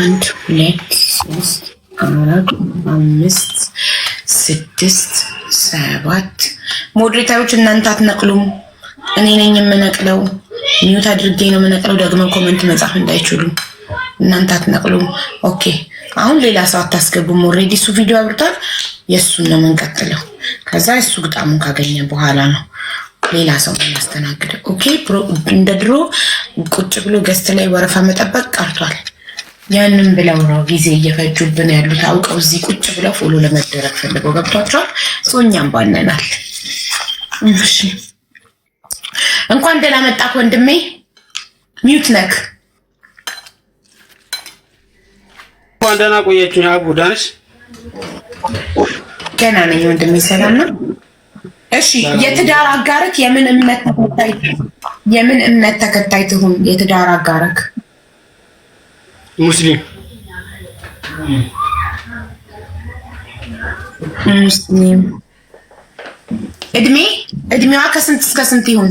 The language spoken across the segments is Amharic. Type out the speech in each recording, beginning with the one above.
አንድ ሁለት ሶስት አራት አምስት ስድስት ሰባት ሞዴሬተሮች እናንተ አትነቅሉም። እኔ ነኝ የምነቅለው። ሚዩት አድርጌ ነው የምነቅለው። ደግሞ ኮመንት መጻፍ እንዳይችሉ እናንተ አትነቅሉም። ኦኬ አሁን ሌላ ሰው አታስገቡም። ኦልሬዲ እሱ ቪዲዮ አብርቷል። የእሱን ነው የምንቀጥለው። ከዛ እሱ ግጣሙን ካገኘ በኋላ ነው ሌላ ሰው የሚያስተናግደው። ኦኬ እንደ ድሮ ቁጭ ብሎ ገስት ላይ ወረፋ መጠበቅ ቀርቷል። ያንን ብለው ነው ጊዜ እየፈጁብን ያሉት አውቀው እዚህ ቁጭ ብለው ፎሎ ለመደረግ ፈልገው ገብቷቸዋል። ሶኛም ባነናል። እንኳን ደህና መጣህ ወንድሜ። ሚዩት ነክ እንኳን ደህና ቆየችኝ። አቡ ዳንሽ ገና ነኝ ወንድሜ። ሰላም ነው እሺ የትዳር አጋርክ የምን እምነት ተከታይ የምን እምነት ተከታይ ትሁን? የትዳር አጋርክ ሙስሊም ሙስሊም። እድሜ እድሜዋ ከስንት እስከ ስንት ይሁን?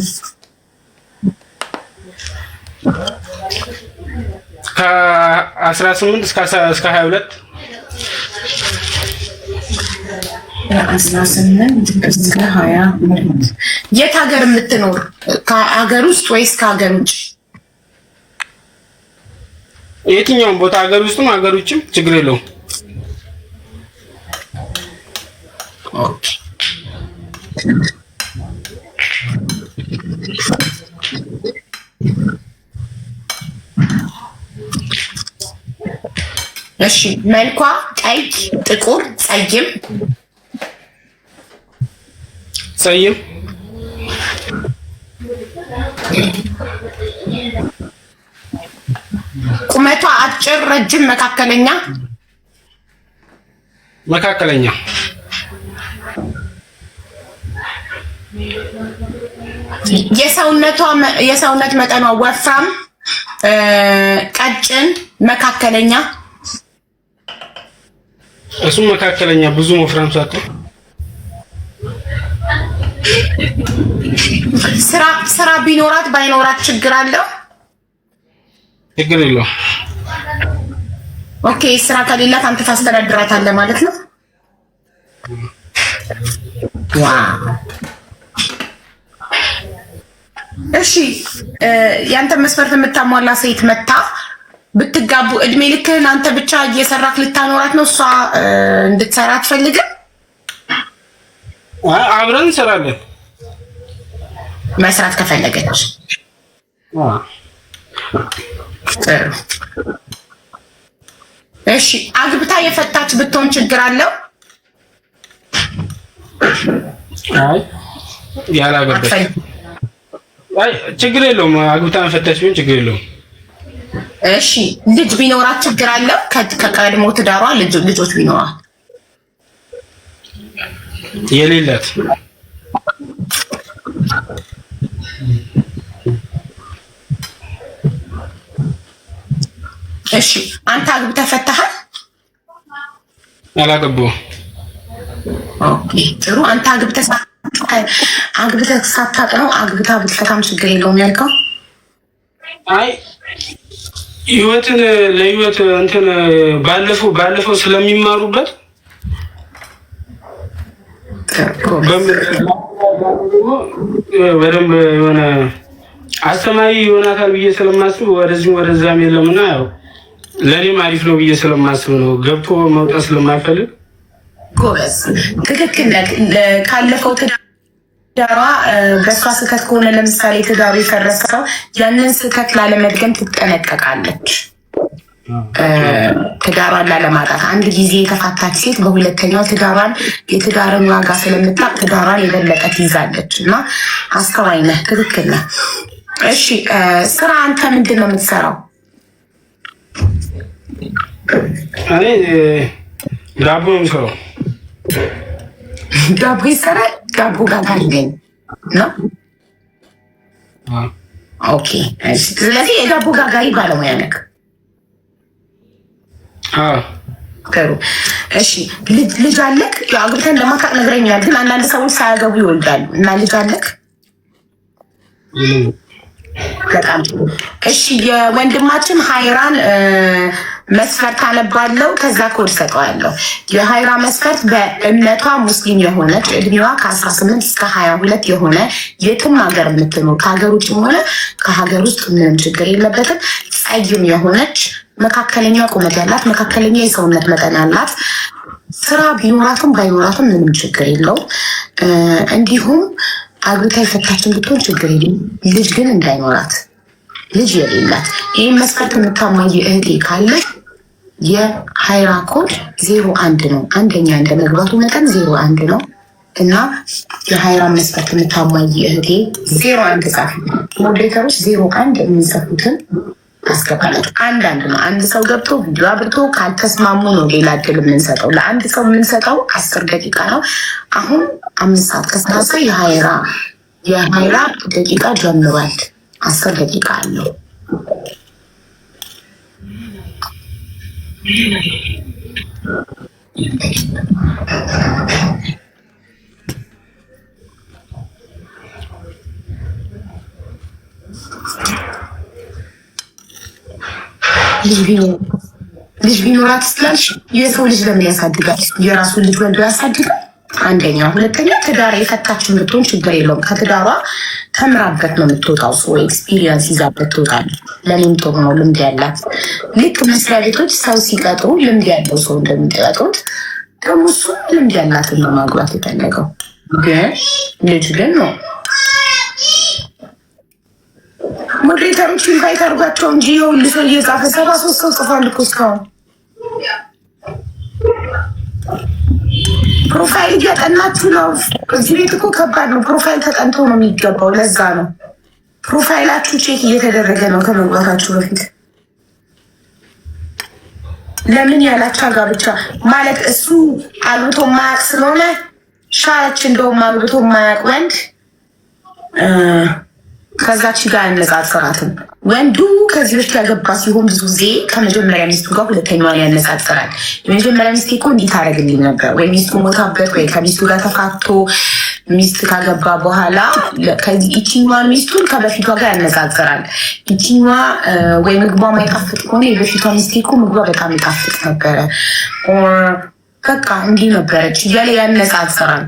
ከአስራ ስምንት እስከ ሀያ ሁለት አስራ የት ሀገር የምትኖር ከሀገር ውስጥ ወይስ ከሀገር ውጭ? የትኛውም ቦታ ሀገር ውስጥም ሀገር ውጭም ችግር የለውም። እሺ መልኳ ቀይ፣ ጥቁር፣ ጸይም ሰይም ቁመቷ አጭር፣ ረጅም፣ መካከለኛ መካከለኛ የሰውነቷ የሰውነት መጠኗ ወፍራም፣ ቀጭን፣ መካከለኛ እሱም መካከለኛ ብዙ ወፍራም ሳትሆን ስራ ስራ ቢኖራት ባይኖራት ችግር አለው? ችግር የለው። ኦኬ ስራ ከሌላት አንተ ታስተዳድራታለህ ማለት ነው። እሺ የአንተ መስፈርት የምታሟላ ሴት መታ ብትጋቡ እድሜ ልክህን አንተ ብቻ እየሰራክ ልታኖራት ነው? እሷ እንድትሰራ አትፈልግም? አብረን እንሰራለን። መስራት ከፈለገች እሺ። አግብታ የፈታች ብትሆን ችግር አለው? አይ ያላገባች ችግር የለውም። አግብታ የፈታች ቢሆን ችግር የለውም። እሺ ልጅ ቢኖራት ችግር አለው? ከቀድሞ ትዳሯ ልጆች ቢኖራት የሌላት እሺ አንተ አግብተህ ፈታሃል? አላገባሁም። ኦኬ ጥሩ። አንተ አግብተህ አግብተህ ሳታውቅ ነው አግብታ ብትፈታም ችግር የለውም ያልከው? አይ ህይወትን ለህይወት እንትን ባለፈው ባለፈው ስለሚማሩበት በደንብ የሆነ አስተማሪ የሆነ አካል ብዬ ስለማስብ ወደዚህም ወደዛም የለምና ያው ለእኔም አሪፍ ነው ብዬ ስለማስብ ነው። ገብቶ መውጣት ስለማይፈልግ ጎበዝ፣ ትክክል ካለፈው ትዳሯ በእሷ ስህተት ከሆነ ለምሳሌ ትዳሩ የፈረሰው ያንን ስህተት ላለመድገም ትጠነቀቃለች። ትዳሯን ላለማጣት አንድ ጊዜ የተፋታች ሴት በሁለተኛው ትዳሯን የትዳርን ዋጋ ስለምታቅ ትዳሯን የበለጠ ትይዛለች። እና አስተዋይ ነህ፣ ትክክል ነህ። እሺ ስራ አንተ ምንድን ነው የምትሰራው? እኔ ዳቦ ነው የምሰራው። ዳቦ ይሰራል። ዳቦ ጋር ነው። ኦኬ። ስለዚህ የዳቦ ጋጋሪ ባለሙያ ነህ ከሩ እሺ፣ ልጅ አለክ? አግብተን ለማታቅ ነግረኛል፣ ግን አንዳንድ ሰዎች ሳያገቡ ይወልዳሉ። እና ልጅ አለክ? በጣም እሺ። የወንድማችን ሀይራን መስፈርት አነባለው። ከዛ ኮድ ሰጠዋለሁ። የሀይራ መስፈርት በእምነቷ ሙስሊም የሆነች እድሜዋ ከ18 እስከ 22 የሆነ የትም ሀገር የምትኖር ከሀገር ውጭም ሆነ ከሀገር ውስጥ ምንም ችግር የለበትም። ጸይም የሆነች መካከለኛ ቁመት ያላት መካከለኛ የሰውነት መጠን ያላት ስራ ቢኖራትም ባይኖራትም ምንም ችግር የለው እንዲሁም አግብታ የፈታችን ብትሆን ችግር የለም። ልጅ ግን እንዳይኖራት ልጅ የሌላት ይህም መስፈርት የምታሟይ እህቴ ካለች የሃይራ ኮድ ዜሮ አንድ ነው። አንደኛ እንደ መግባቱ መጠን ዜሮ አንድ ነው እና የሃይራን መስፈርት የምታሟይ እህቴ ዜሮ አንድ ጻፍ። ሞዴተሮች ዜሮ አንድ የሚጽፉትን አስገባላችሁ። አንዳንድ ነው። አንድ ሰው ገብቶ ቪዲዮ አብርቶ ካልተስማሙ ነው ሌላ እድል የምንሰጠው። ለአንድ ሰው የምንሰጠው አስር ደቂቃ ነው። አሁን አምስት ሰዓት ከሰላሳ የሃይራ የሃይራ ደቂቃ ጀምሯል። አስር ደቂቃ አለው። ልጅ ቢኖራት ስላልሽ የሰው ልጅ ለምን ያሳድጋል? የራሱን ልጅ ወልዶ ያሳድጋል። አንደኛ። ሁለተኛ ትዳር የፈታችን ብትሆን ችግር የለውም። ከትዳሯ ተምራበት ነው የምትወጣው። ሰው ኤክስፒሪየንስ ይዛበት ትወጣለች። ለሊምቶ ነው ልምድ ያላት። ልክ መስሪያ ቤቶች ሰው ሲቀጥሩ ልምድ ያለው ሰው እንደሚቀጥሩት ደግሞ እሱ ልምድ ያላትን ነው ማግባት የፈለገው። ግን ልጅ ግን ነው ሞዴሬተሮች ኢንቫይት አድርጓቸው እንጂ የሁሉ ሰው እየጻፈ ሰባ ሶስት ሰው ጽፏል እኮ እስካሁን ፕሮፋይል እያጠናችሁ ነው። እዚህ ቤት እኮ ከባድ ነው። ፕሮፋይል ተጠንቶ ነው የሚገባው። ለዛ ነው ፕሮፋይላችሁ ቼክ እየተደረገ ነው ከመግባታችሁ በፊት። ለምን ያላችሁ ጋብቻ ማለት እሱ አግብቶ ማያቅ ስለሆነ ሻች እንደውም አግብቶ ማያቅ ወንድ ከዛች ጋር ያነጻጽራትም ወንዱ ከዚህ በፊት ያገባ ሲሆን ብዙ ጊዜ ከመጀመሪያ ሚስቱ ጋር ሁለተኛዋን ያነጻጽራል። የመጀመሪያ ሚስቴ እኮ እንዲህ ታደርግልኝ ነበር፣ ወይ ሚስቱ ሞታበት፣ ወይ ከሚስቱ ጋር ተፋቶ ሚስት ካገባ በኋላ ይችኛዋን ሚስቱን ከበፊቷ ጋር ያነጻጽራል። ይችኛ ወይ ምግቧ ማይጣፍጥ ከሆነ የበፊቷ ሚስቴ እኮ ምግቧ በጣም ይጣፍጥ ነበረ፣ በቃ እንዲህ ነበረች እያለ ያነጻጽራል።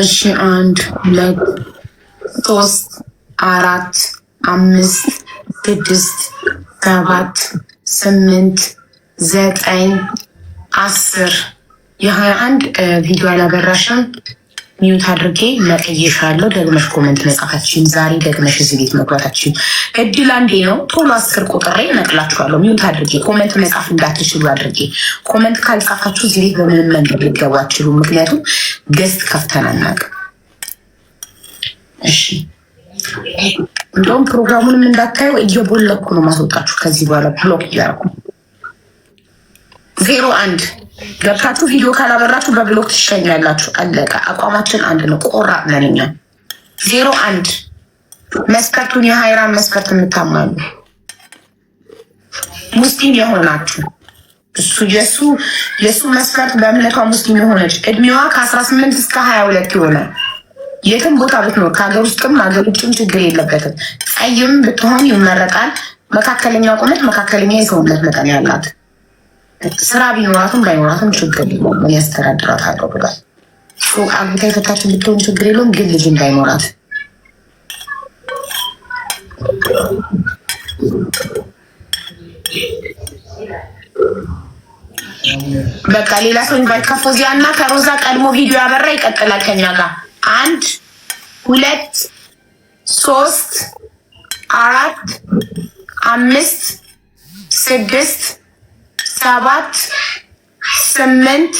እሺ አንድ ሁለት ሶስት አራት አምስት ስድስት ሰባት ስምንት ዘጠኝ አስር የሀያ አንድ ቪዲዮ አላበራሽም። ሚዩት አድርጌ መቀየሻለሁ። ደግመሽ ኮመንት መጻፋችን ዛሬ ደግመሽ እዚህ ቤት መግባታችን እድል አንዴ ነው። ቶሎ አስር ቁጥሬ እነቅላችኋለሁ። ሚዩት አድርጌ ኮመንት መጻፍ እንዳትችሉ አድርጌ ኮመንት ካልጻፋችሁ እዚህ ቤት በምንም መንገድ ልገቡ ምክንያቱም ገዝት ከፍተናናቅ እሺ እንደውም ፕሮግራሙንም እንዳታዩ እየቦለኩ ነው ማስወጣችሁ። ከዚህ በኋላ ብሎክ እያደረኩ ዜሮ አንድ ገብታችሁ ቪዲዮ ካላበራችሁ በብሎክ ትሸኛላችሁ። አለቀ። አቋማችን አንድ ነው። ቆራ ነንኛ ዜሮ አንድ መስፈርቱን የሀይራን መስፈርት የምታማሉ ሙስሊም የሆናችሁ እሱ የሱ የሱ መስፈርት በእምነቷ ሙስሊም የሆነች እድሜዋ ከአስራ ስምንት እስከ ሀያ ሁለት የሆነ የትም ቦታ ብትኖር ከሀገር ውስጥም ሀገር ውጭም ችግር የለበትም። ቀይም ብትሆን ይመረቃል መካከለኛ ቁመት፣ መካከለኛ የሰውነት መጠን ያላት ስራ ቢኖራትም ባይኖራትም ችግር የለውም ያስተዳድራት አለው ብሏል። አግብታ የፈታችን ብትሆን ችግር የለውም ግን ልጅ እንዳይኖራት በቃ ሌላ ሰው ኢንቫይት ከፎዚያ እና ከሮዛ ቀድሞ ቪዲዮ ያበራ ይቀጥላል ከኛ ጋር አንድ ሁለት ሶስት አራት አምስት ስድስት ሰባት ስምንት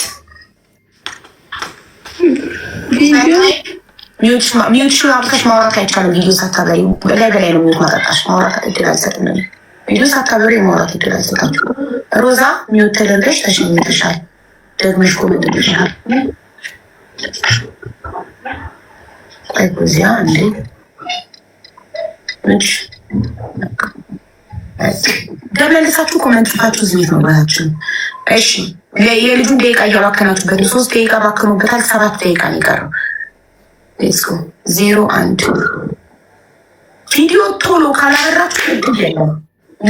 ሚዩትሽን አብርተሽ ማውራት አይቻልም። ቪዲዮ ሳታበሪ በላይ በላይ ነው ሚዩት ማጠጣሽ። ማውራት እድል አልሰጥም። ቪዲዮ ሳታበሪ ማውራት እድል አልሰጣችሁ። ሮዛ ሚዩት ተደርገሽ ተሸኝተሻል። ደግመሽ ኮመንት ልሻል ቆይ እዚያ እንዴ ምንሽ ደብለልሳችሁ ኮመንት ጽፋችሁ እዚህ ቤት መግባታችን። እሺ የልጁን ደቂቃ እያባከናችሁበት ሶስት ደቂቃ ባክኑበታል። ሰባት ደቂቃ ነው የቀረው። ስኮ ዜሮ አንድ ቪዲዮ ቶሎ ካላበራችሁ ቅድም የለም።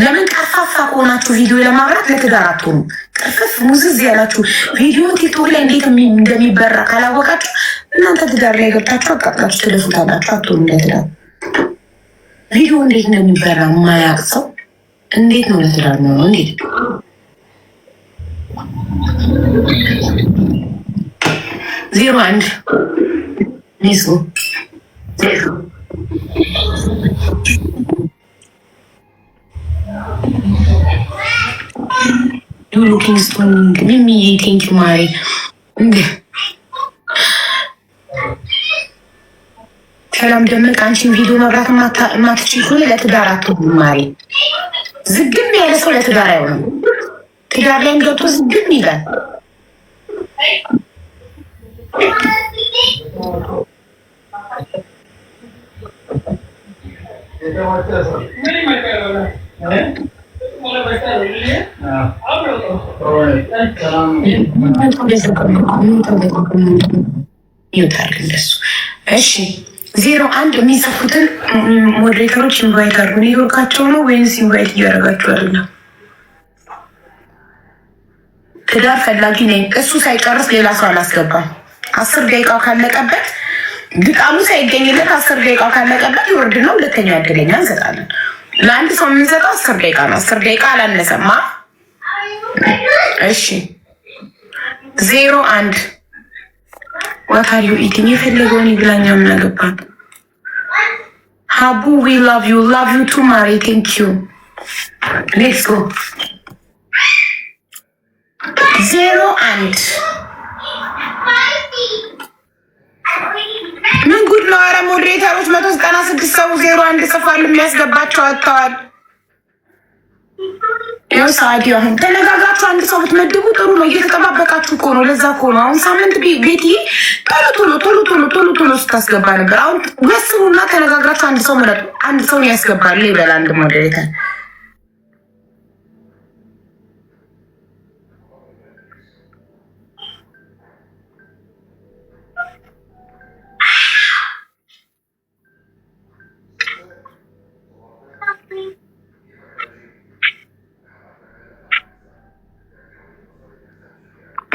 ለምን ቀርፋፋ ከሆናችሁ ቪዲዮ ለማብራት ለትዳር አትሆኑ። ቅርፍፍ ሙዝዝ ያላችሁ ቪዲዮ ቲክቶክ ላይ እንዴት እንደሚበራ ካላወቃችሁ እናንተ ትዳር ላይ ገብታችሁ አቃጥላችሁ ትደፉታላችሁ። አትሆኑ ለትዳር ቪዲዮ እንዴት እንደሚበራ ማያቅ ሰው እንዴት ነው ለትዳር ነው? እንዴት ዜሮ አንድ ሰላም ደመቅ፣ አንቺን ቪዲዮ መብራት የማትችል ከሆነ ለትዳር አትሆንም ማሪ ዝግም ያለ ሰው ለትዳር አይሆንም። ትዳር ላይም ገብቶ ዝግም ይላል። ይወታል እንደሱ እሺ ዜሮ አንድ የሚጽፉትን ሞዴሬተሮች ኢንቫይት አድርጉ። ኔትወርካቸው ነው ወይንስ ኢንቫይት እያደረጋቸው አይደለም? ትዳር ፈላጊ ነኝ እሱ ሳይጨርስ ሌላ ሰው አላስገባም። አስር ደቂቃ ካለቀበት ግጣሙ ሳይገኝለት አስር ደቂቃ ካለቀበት ይወርድ ነው። ሁለተኛ እድለኛ እንሰጣለን። ለአንድ ሰው የምንሰጠው አስር ደቂቃ ነው። አስር ደቂቃ አላነሰማ። እሺ ዜሮ አንድ ዋታዩ ኢቲንግ የፈለገውን ይብላኛ ምናገባት ሀቡ ዊ ላቭ ዩ ላቭ ዩ ቱ ማሪ ቴንክ ዩ ሌትስ ጎ ዜሮ አንድ ምን ጉድ ነው? አረ ሞዴሬተሮች መቶ ዘጠና ስድስት ሰው ዜሮ አንድ ጽፏል። የሚያስገባቸው አጥተዋል። ሰአዲ አሁን ተነጋግራችሁ አንድ ሰው ብትመድቡ ጥሩ ነው። እየተጠባበቃችሁ እኮ ነው። ለዛ እኮ ነው አሁን ሳምንት ቤትዬ ቶሎ ቶሎ ቶሎ ቶሎ ቶሎ ቶሎ ስታስገባ ነበር። አሁን ወስኑና ተነጋግራችሁ አንድ ሰው ምረጡ። አንድ ሰውን ያስገባል ይበል አንድ ሞዴሬተር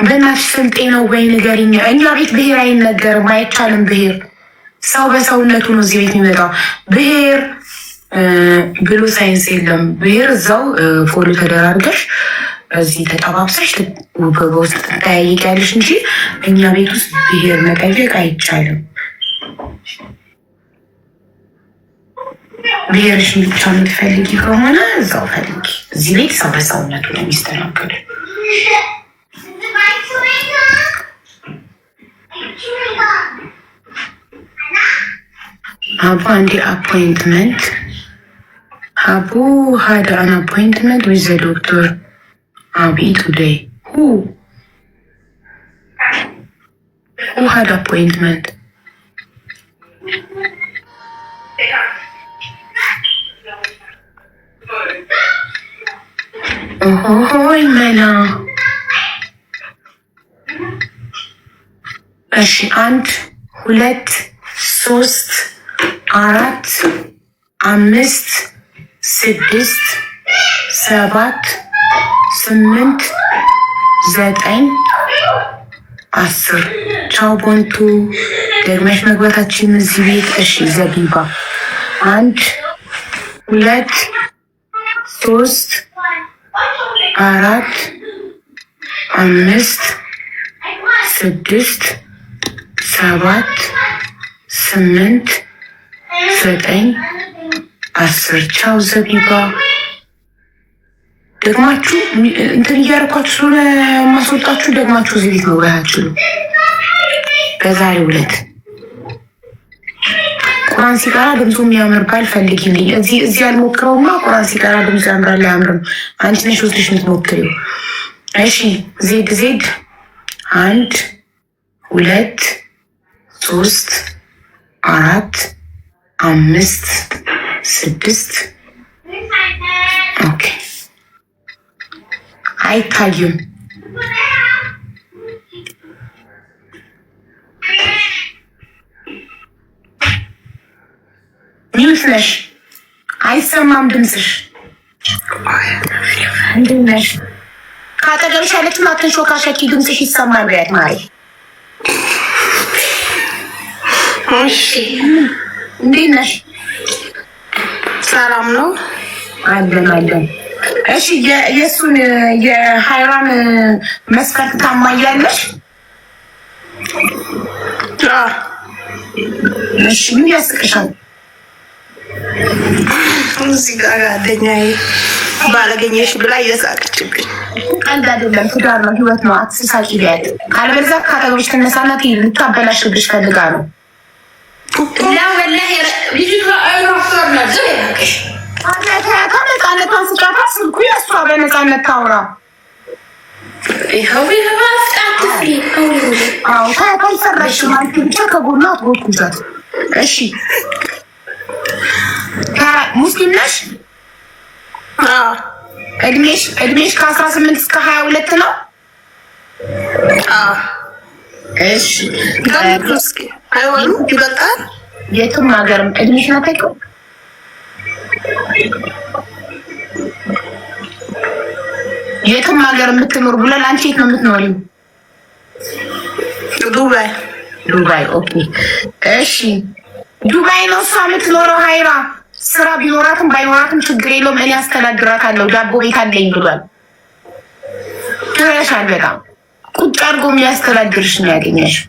በእናትሽ ስልጤ ነው ወይ ንገሪኝ። እኛ ቤት ብሄር አይነገርም፣ አይቻልም። ብሄር ሰው በሰውነቱ ነው እዚህ ቤት የሚመጣው። ብሄር ብሎ ሳይንስ የለም። ብሄር እዛው ፎሎ ተደራርገሽ እዚህ ተጠባብሰሽ በውስጥ ትጠያየቂያለሽ እንጂ እኛ ቤት ውስጥ ብሄር መጠየቅ አይቻልም። ብሔርሽን ብቻ የምትፈልጊ ከሆነ እዛው ፈልጊ። እዚህ ቤት ሰው በሰውነቱ ነው የሚስተናገዱ። upon the appointment. Abu had an appointment with the doctor Abi today. Who? Who had appointment? Oh, Mena. እሺ አንድ ሁለት ሶስት አራት አምስት ስድስት ሰባት ስምንት ዘጠኝ አስር። ቻው ቦንቱ፣ ደግመሽ መግባታችን እዚህ ቤት። እሺ ዘቢባ አንድ ሁለት ሶስት አራት አምስት ስድስት ሰባት ስምንት ዘጠኝ አስር ቻው ዘቢባ ደግማችሁ እንትን እያደረኳችሁ ስለሆነ ማስወጣችሁ ደግማችሁ እዚህ ቤት መውራት አችሉ በዛሬው ሁለት ቁራን ሲቀራ ድምፁ የሚያምር ባል ፈልጊልኝ። እዚህ እዚህ አልሞክረውማ። ቁራን ሲቀራ ድምፁ ያምራል አያምርም? አንቺ ነሽ ወስደሽ የምትሞክሪው። እሺ ዜድ ዜድ አንድ ሁለት ሶስት አራት አምስት ስድስት ኦኬ አይታዩም። ኒውት ነሽ። አይሰማም ድምፅሽ። እንዴት ነሽ? ካጠገብሽ ያለችው አትንሾካሸኪ፣ ድምፅሽ ይሰማል። ያት ማሪ እሺ እንዴት ነሽ? ሰላም ነው አለን አለን። እሺ የእሱን የሀይራን መስከት ታማያለሽ? እሺ ምን ያስቅሻል? እዚህ ጋር ጓደኛዬ ባለገኘሽ ብላ እየሳቀችብኝ። አንድ አይደለም ትዳር ነው፣ ህይወት ነው። አትሳቂ ቢያት አለበለዚያ ካጠገብሽ ትነሳና ልታበላሽብሽ ፈልጋ ነው። ነፃነቷን ስጣታ። ስልኩ የእሷ በነፃነት ታውራ። ይኸው ከጎኗ አትጎትጉታት። እሺ ሙስሊም ነሽ? እድሜሽ እድሜሽ ከአስራ ስምንት እስከ ሀያ ሁለት ነው። እሺ አይሆኑ ይበልጣል። የትም ሀገርም እድሜሽን አታውቂውም። የትም ሀገር የምትኖር ብለን አንቺ የት ነው የምትኖሪው? ዱባይ ዱባይ። ኦኬ እሺ፣ ዱባይ ነው እሷ የምትኖረው። ሀይራ ስራ ቢኖራትም ባይኖራትም ችግር የለውም እኔ አስተዳድራታለሁ፣ ዳቦ ቤት አለኝ ብሏል። ትረሻል በጣም ቁጭ አድርጎ የሚያስተዳድርሽ ነው ያገኘሽው።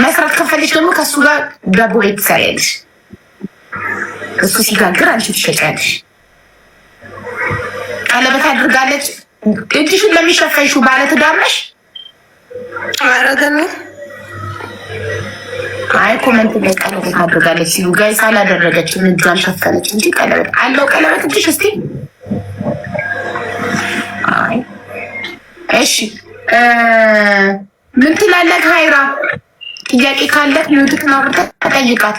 መስራት ከፈለሽ ደግሞ ከእሱ ጋር ዳቦ ቤት ትሰሪያለሽ። እሱ ሲጋግር አንቺ ትሸጫለሽ። ቀለበት አድርጋለች። እጅሽን ለሚሸፈንሹ ባለትዳር ነሽ? አረገነ አይ ኮመንት ላይ ቀለበት አድርጋለች ሲሉ ጋይስ አላደረገችም፣ እጇን ሸፈነች እንጂ ቀለበት አለው። ቀለበት እጅሽ እስቲ እሺ ምን ትላለህ ሃይራ? ጥያቄ ካለት ሚውትክ ማብርታ ተጠይቃት።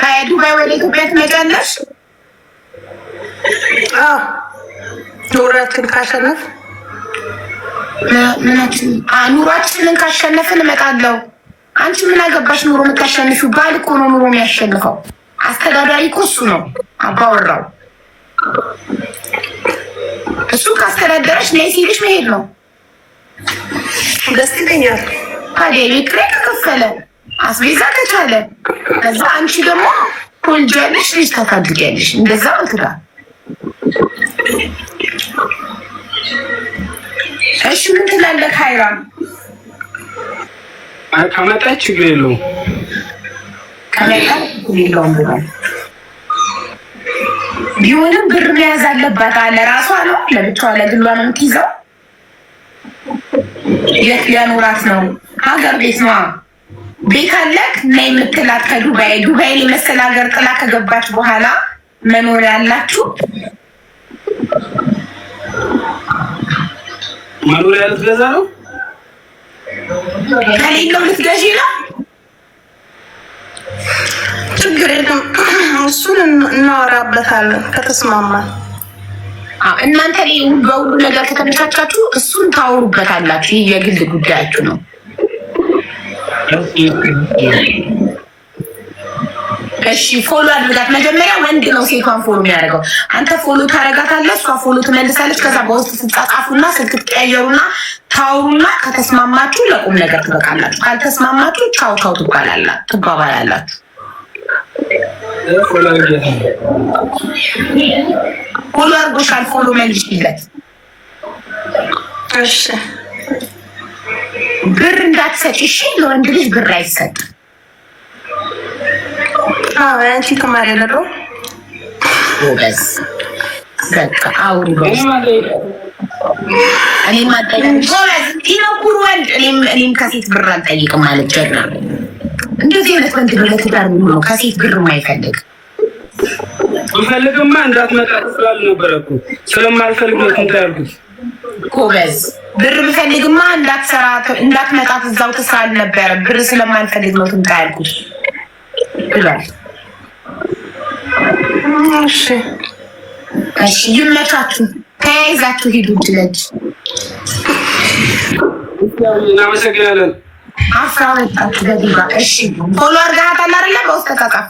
ከዱባይ ወደ ኢትዮጵያ ትመጫለሽ? ኑሯችንን ካሸነፍ ኑሯችንን ካሸነፍን እመጣለሁ። አንቺ ምን አገባሽ? ኑሮ የምታሸንሹ ባል እኮ ነው ኑሮ የሚያሸንፈው። አስተዳዳሪ እኮ እሱ ነው አባወራው። እሱ ካስተዳደረሽ ነይ ሲልሽ መሄድ ነው። ደስ ታዲያ ኤሌክትሪክ ከከፈለ አስቤዛ ከቻለ ከዛ አንቺ ደግሞ ትወልጃለሽ፣ ልጅ ታሳድጊያለሽ። እንደዛ አልትጋ እሺ ምን ትላለህ? ከመጣ ችግር የለውም ከመጣ ችግር የለውም ብሏል። ቢሆንም ብር መያዝ አለባት አለ ራሷ ነው ለብቻዋ ለግሏ ነው የምትይዘው የት ለኖራት ነው? ሀገር ቤት ነዋ። ቤት ነይ የምትላት ከዱባይ ዱባይ የመሰለ ሀገር ጥላ ከገባች በኋላ መኖሪያ አላችሁ? መኖሪያ ልትገዛ ነው? ከሌለው ልትገዢ ነው? ችግር የለም፣ እሱን እናወራበታለን ከተስማማን እናንተ ላይ በሁሉ ነገር ከተመቻቻችሁ እሱን ታወሩበታላችሁ። ይህ የግል ጉዳያችሁ ነው። እሺ ፎሎ አድርጋት። መጀመሪያ ወንድ ነው ሴቷን ፎሎ የሚያደርገው። አንተ ፎሎ ታደርጋታለህ፣ እሷ ፎሎ ትመልሳለች። ከዛ በውስጥ ስትጻጻፉና ስልክ ትቀያየሩና ታውሩና ከተስማማችሁ ለቁም ነገር ትበቃላችሁ፣ ካልተስማማችሁ ቻው ቻው ትባባላላችሁ። ሁሉ አድርጎሻል። ፎሎ መልሽለት። እሺ ብር እንዳትሰጪ እሺ። ለወንድ ልጅ ብር አይሰጥ። አዎ አንቺ ተማሪ አይደለሁ። ወደስ በቃ አውሪ በስ እኔም አልጠይቅም። ወንድ እኔም ከሴት ብር አልጠይቅም ማለት ጀራ እንደዚህ አይነት ወንድ ነው ለትዳር የሚሆነው። ከሴት ግርማ አይፈልግ እንፈልግማ እንዳትመጣ ስላልነበረ እኮ ስለማልፈልግ ነው እንትን ያልኩት። ኮበዝ ብር ብፈልግማ እንዳትሰራ እንዳትመጣት እዛው ትስራ አልነበረ ብር ስለማልፈልግ ነው ትምጣ ያልኩት ብሏል። እሺ እሺ፣ ይመቻችሁ፣ ተያይዛችሁ ሂዱ። ድለጅ እናመሰግናለን። አፍራወጣችሁ በዲባ እሺ፣ ፎሎ አድርገሃታል አይደለ? በውስጥ ተጻጻፉ።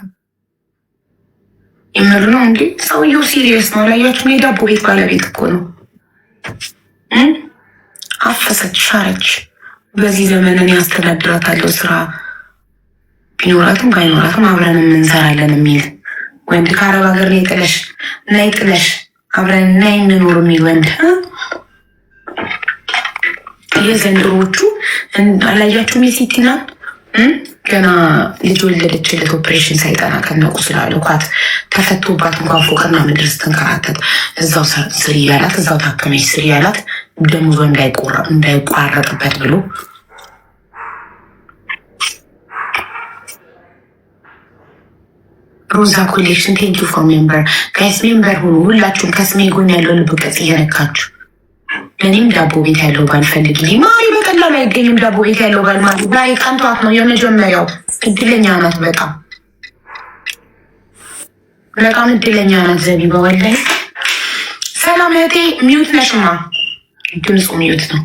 የምር ነው እንዴ? ሰውየው ሲሪየስ ነው። ላያችሁ፣ የዳቦ ቤት ባለቤት እኮ ነው። አፈሰች፣ ሻረች። በዚህ ዘመንን ያስተዳድራታለው ስራ ቢኖራትም ባይኖራትም አብረን እንሰራለን የሚል ወንድ ከአረብ ሀገር ላይ ጥለሽ ናይ ጥለሽ አብረን ናይ እንኖር የሚል ወንድ የዘንድሮቹ አላያችሁም? የሲቲና ገና ልጅ ወለደችለት ኦፕሬሽን ሳይጠና ከነ ቁስላልኳት ተፈቶባት እንኳን ፎቅና ምድርስ ተንከራተት እዛው ስር ያላት እዛው ታከመች ስር እያላት ደሞዟ እንዳይቋረጥበት ብሎ ሮዛ ኮሌክሽን ቴንኪ ፎር ሜምበር ከስ ሜምበር ሆኑ ሁላችሁም ከስሜ ጎን ያለው ልብ ቅርጽ እየነካችሁ እኔም ዳቦ ቤት ያለው ባል ፈልግ። ማሪ በቀላሉ አይገኝም። ዳቦ ቤት ያለው ባል ማለት ላይ ቀንቷት ነው የመጀመሪያው። እድለኛ ናት፣ በጣም በጣም እድለኛ ናት ዘቢባ። ወላሂ ሰላም እህቴ። ሚዩት ነሽማ፣ ድምፁ ሚዩት ነው።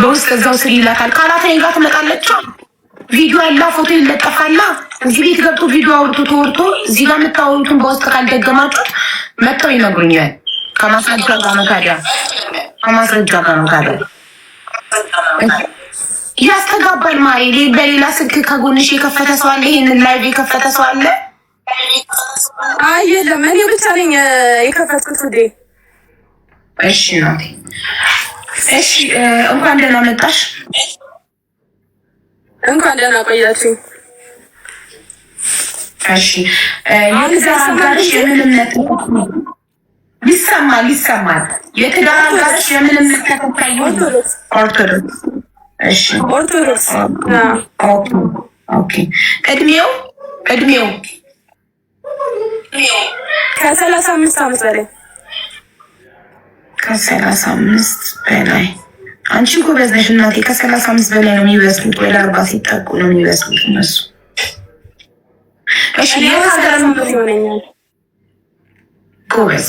በውስጥ እዛው ስር ይላታል። ካላት እኔ ጋር ትመጣለች። ቪዲዮ ያላ ፎቶ ይለጠፋላ። እዚህ ቤት ገብቶ ቪዲዮ አውርቶ ተወርቶ እዚህ ጋር የምታወሩትን በውስጥ ካልደገማችሁት መጥተው ይነግሩኛል። ከማስረጃ ጋር ነው ታዲያ ከማስረጃ ጋር ነው ታዲያ ያስተጋባል። ማይ በሌላ ስልክ ከጎንሽ የከፈተ ሰው አለ፣ ይሄንን ላይቭ የከፈተ ሰው አለ። አይ የለም፣ እኔ ብቻ ነኝ የከፈትኩት። ዴ እሺ ነው እሺ። እንኳን ደህና መጣሽ፣ እንኳን ደህና ቆያችሁ። እሺ የምንም ይሰማል ይሰማል። የትዳራች የምንም ተከታይ ኦርቶዶክስ ኦርቶዶክስ እድሜው እድሜው ከሰላሳ አምስት አመት በላይ ከሰላሳ አምስት በላይ አንቺ ጎበዝ ነሽ እናቴ። ከሰላሳ አምስት በላይ ነው የሚበስሉት፣ ወደ አርባ ሲጠቁ ነው የሚበስሉት እነሱ። እሺ ነው ሆነኛል ጎበዝ።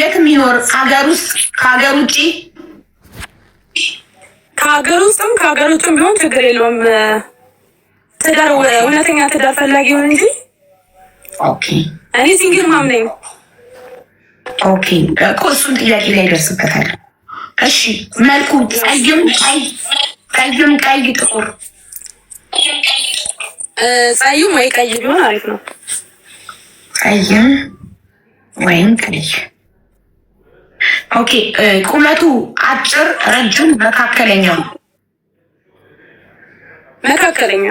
የትም ይኖር ሀገር ውስጥ ከሀገር ውጭ ከሀገር ውስጥም ከሀገር ውጭም ቢሆን ችግር የለውም። ትዳር እውነተኛ ትዳር ፈላጊ ሆን እንጂ እኔ ሲንግል ማም ነኝ። ኦኬ እኮ እሱን ጥያቄ ላይ ደርስበታል። እሺ መልኩ ቀይም ቀይም ቀይ ጥቁር ጸዩም ወይ ቀይ ቢሆን አሪፍ ነው። ቀይም ወይም ኦኬ። ቁመቱ አጭር፣ ረጅም፣ መካከለኛ መካከለኛ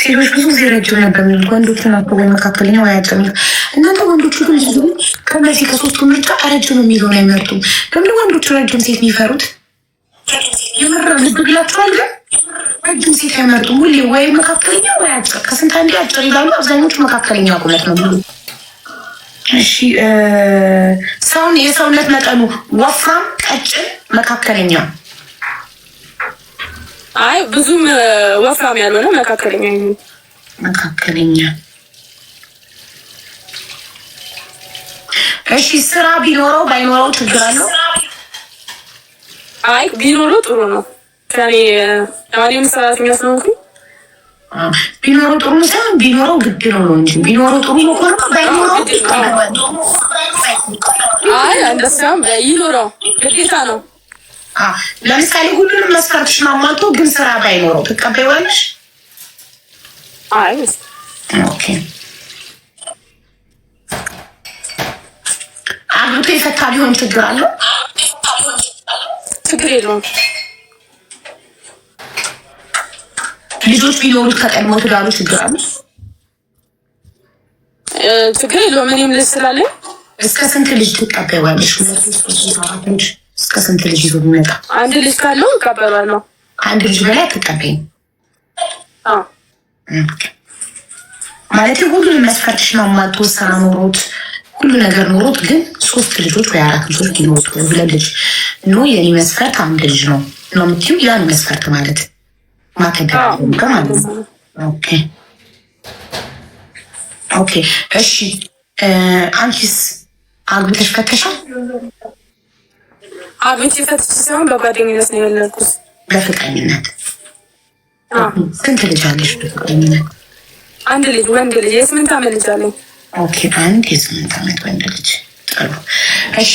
ሴቶች ብዙ ጊዜ ረጅም ነበር የሚሉት፣ ወንዶቹ ናቸው ወይ መካከለኛ ወይ አጭር ነው። እናንተ ወንዶቹ ግን ብዙ ጊዜ ከእነዚህ ከሶስቱ ምርጫ ረጅም የሚለውን አይመርጡም። ለምን ወንዶቹ ረጅም ሴት የሚፈሩት? የምር ልብ ብላችኋል ግን ረጅም ሴት ያመርጡ ሁሌ ወይ መካከለኛ ወይ አጭር፣ ከስንት አንዴ አጭር ይላሉ። አብዛኞቹ መካከለኛ ቁመት ነው ብሉ። እሺ ሰውን የሰውነት መጠኑ ወፍራም፣ ቀጭን፣ መካከለኛ። አይ ብዙም ወፍራም ያልሆነ መካከለኛ መካከለኛ። እሺ ስራ ቢኖረው ባይኖረው ችግር አለው? አይ ቢኖረው ጥሩ ነው። ከኔ ቢኖረው ጥሩ ነው። ቢኖረው ግድ ነው ነው እንጂ ቢኖረው ጥሩ ነው። አይ እንደሳም ይኖረው ግዴታ ነው። ለምሳሌ ሁሉንም መስፈርትሽን አሟልቶ ግን ስራ ባይኖረው ትቀበይዋለሽ? አይ ኦኬ። አግብቶ የፈታ ቢሆን ችግር አለው? ችግር የለውም። ልጆች ቢኖሩት ከቀድሞ ትዳሩ ችግር አለ ችግር የለውም። እኔም ልጅ ስላለኝ እስከ ስንት ልጅ ትቀበያለሽ? እስከ ስንት ልጅ ይዞ ቢመጣ አንድ ልጅ ካለው እቀበላለሁ። አንድ ልጅ በላይ አትቀበይም ማለት ሁሉንም መስፈርትሽን አሟልቶ ስራ ኖሮት ሁሉ ነገር ኖሮት ግን ሶስት ልጆች ወይ አራት ልጆች ቢኖሩት ወይ ሁለት ልጅ ኖ የኔ መስፈርት አንድ ልጅ ነው ነው የምትይው ያን መስፈርት ማለት ነው። ማትጋ ማለት ነው። ኦኬ እሺ። አንቺስ አግብተሽ ፈተሻል? አግብቼ ፈትቼ ሳይሆን በጓደኝነት ነው የወለድኩት። በፍቅረኝነት ስንት ልጅ አለሽ? በፍቅረኝነት አንድ ልጅ ወንድ ልጅ የስምንት ዓመት ልጅ አለኝ። ኦኬ አንድ የስምንት ዓመት ወንድ ልጅ ጥሩ። እሺ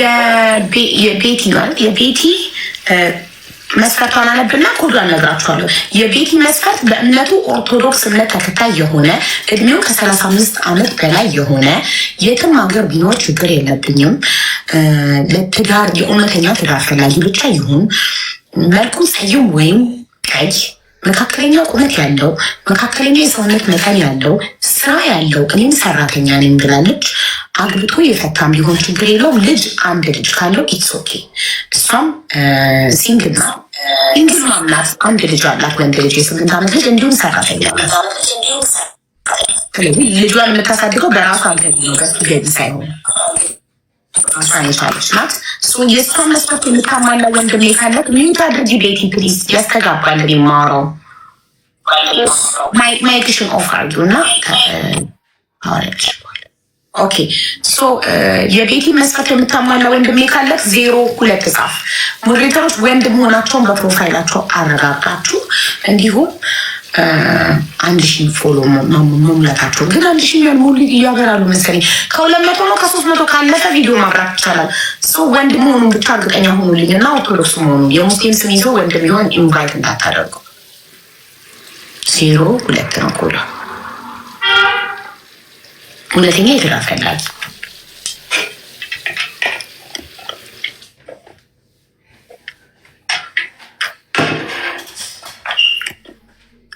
የቤቲ የቤቲ መስፈርቷን አነብና ኮዷን ነግራችኋለሁ። የቤቲ መስፈርት በእምነቱ ኦርቶዶክስ እምነት ተከታይ የሆነ እድሜው ከ35 ዓመት በላይ የሆነ የትም ሀገር ቢኖር ችግር የለብኝም። ለትዳር የእውነተኛ ትዳር ፈላጊ ብቻ ይሁን። መልኩ ሰዩም ወይም ቀይ፣ መካከለኛ ቁመት ያለው፣ መካከለኛ የሰውነት መጠን ያለው፣ ስራ ያለው እኔም ሰራተኛ ነኝ ብላለች። አግብቶ የፈታም ቢሆን ችግር የለውም። ልጅ አንድ ልጅ ካለው ኢትስ ኦኬ። እሷም ሲንግል ነው ሲንግል ማምናት አንድ ልጅ አላት፣ ወንድ ልጅ የስምንት ዓመት ልጅ እንዲሁም ሰራተኛ። ስለዚህ ልጇን የምታሳድገው በራሷ ገቢ ነው ገቢ ሳይሆን ራሷን የቻለች ናት። የእሷን መስፈርት የምታሟላ ወንድም ካላት ሚዩት አድርጊ ቤቲ ፕሊዝ፣ ያስተጋባል የማወራው ማይክሽን ኦፍ አድርጊው እና ታዋሪያለሽ ኦኬ ሶ የቤቲ መስፈርት የምታሟላ ወንድሜ ካለት ዜሮ ሁለት ጻፍ። ሞዴሬተሮች ወንድም መሆናቸውን በፕሮፋይላቸው አረጋግጣችሁ እንዲሁም አንድ ሺህ ፎሎ መሙላታቸው ግን አንድ ሺህ ሚሊዮን ሙሉ እያገራሉ መሰለኝ። ከሁለት መቶ ነው ከሶስት መቶ ካለፈ ቪዲዮ ማብራት ይቻላል። ሰው ወንድ መሆኑን ብቻ እርግጠኛ ሆኑልኝ እና ኦርቶዶክስ መሆኑ የሙስሊም ስም ይዞ ወንድም ቢሆን ኢንቫይት እንዳታደርገው። ዜሮ ሁለት ነው ኮላ ሁለተኛ የትዳር ቀላል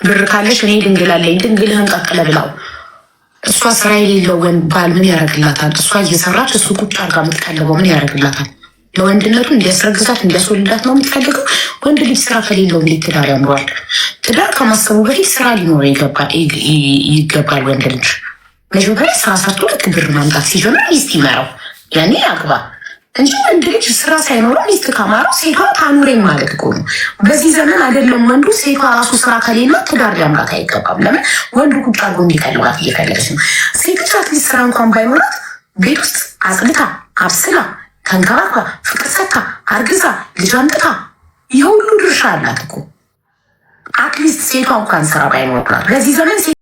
ብር ካለች እኔ ድንግል አለኝ፣ ድንግልህን ቀቅለ ብላው። እሷ ስራ የሌለው ወንድ ባል ምን ያደርግላታል? እሷ እየሰራች እሱ ቁጭ አርጋ የምትቀልበው ምን ያደርግላታል? ለወንድነቱ እንዲያስረግዛት እንዲያስወልዳት ነው የምትፈልገው? ወንድ ልጅ ስራ ከሌለው እንዴት ትዳር ያምሯል? ትዳር ከማሰቡ በፊት ስራ ሊኖረው ይገባል ወንድ ልጅ መጀመሪያ ስራ ሰርቶ ልክ ብር ማምጣት ሲጀምር ሚስት ይመራው፣ ያኔ አግባ እንጂ ወንድ ልጅ ስራ ሳይኖረው ሚስት ካማረው ሴቷ ታኑሬ ማለት እኮ ነው። በዚህ ዘመን አይደለም ወንዱ ሴቷ ራሱ ስራ ከሌላ ትዳር ሊያምራት አይገባም። ለምን ወንዱ ቁጭ አድርጎ እንዲፈልጋት እየፈለገች ነው። ሴት ልጅ ስራ እንኳን ባይኖራት ቤት ውስጥ አጽድታ፣ አብስላ፣ ተንከባክባ፣ ፍቅር ሰታ፣ አርግዛ፣ ልጅ አምጥታ የሁሉ ድርሻ አላት እኮ አትሊስት ሴቷ እንኳን ስራ ባይኖራት በዚህ ዘመን